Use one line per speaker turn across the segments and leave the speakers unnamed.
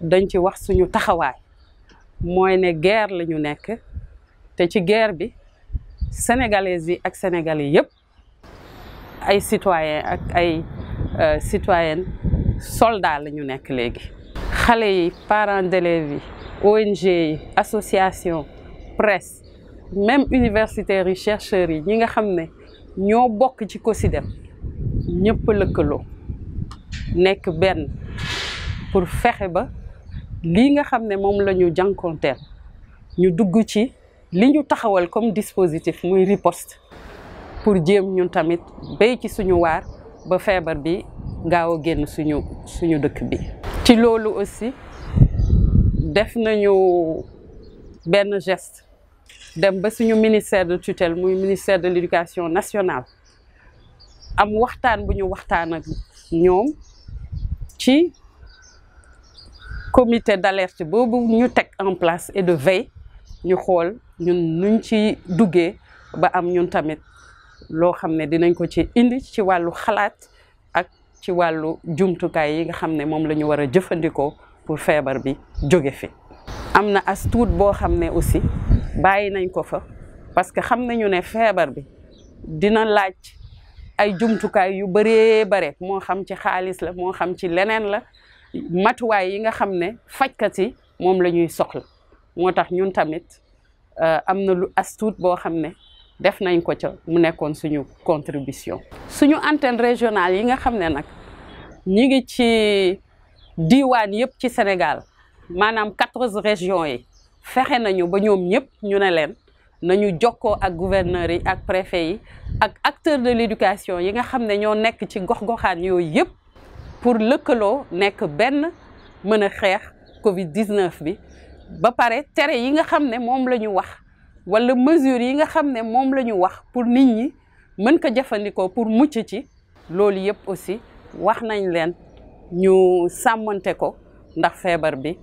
dañ ci wax suñu taxaway moy né guerre la nek té ci guerre bi sénégalais yi ak sénégalais yépp ay citoyens ak ay euh, citoyennes soldats la nek parents ONG associations, association presse même universitaires yi chercheurs yi ñi nga ñoo des ci nous ñepp pour faire lii nga xam ne moom lañu ñu jànkonteel ñu dugg ci li ñu taxawal comme dispositif muy ripost pour jéem ñun tamit béy ci suñu waar ba feebar bi gaaw a génn suñu suñu dëkk bi. ci loolu aussi def nañu benn gest dem ba suñu ministère de tutelle muy ministère de l'éducation nationale am waxtaan bu ñu waxtaan ak ñoom ci. comité d'alerte bobu ñu tek en place et de veille ñu xol ñun nuñ ci duggé ba am ñun tamit lo xamné dinañ ko ci indi ci walu xalaat ak ci walu jumtukaay yi nga xamné mom lañu wara jëfëndiko pour fièvre bi joggé fi amna na as tuut aussi bàyyi nañ ko fa parce que xam ñu né fièvre bi dina laaj ay jumtukaay yu bëree bare mo xam ci xaaliss la mo xam ci lenen la matuwaay yi nga xam ne fajkat yi moom la ñuy soxla moo tax ñun tamit euh, am na lu astuut boo xam ne def nañ ko ca mu nekkoon suñu contribution. suñu antenne régionale yi nga xam ne nag ñi ngi ci diwaan yëpp ci Sénégal maanaam quatorze régions yi fexe nañu ba ñoom ñëpp ñu ne leen nañu jokkoo ak gouverneurs yi ak préfet yi ak acteurs de l'éducation yi nga xam ne ñoo nekk ci gox-goxaan yooyu yëpp. pour le que nek ben Covid 19 bi ba paré téré yi nga wax wala mesures yi nga ne pour nit ñi mën ko pour mucc ci loolu aussi wax nañ ñu ko ndax bi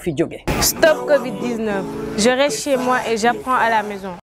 fi Stop Covid 19 je reste chez moi et j'apprends à la maison.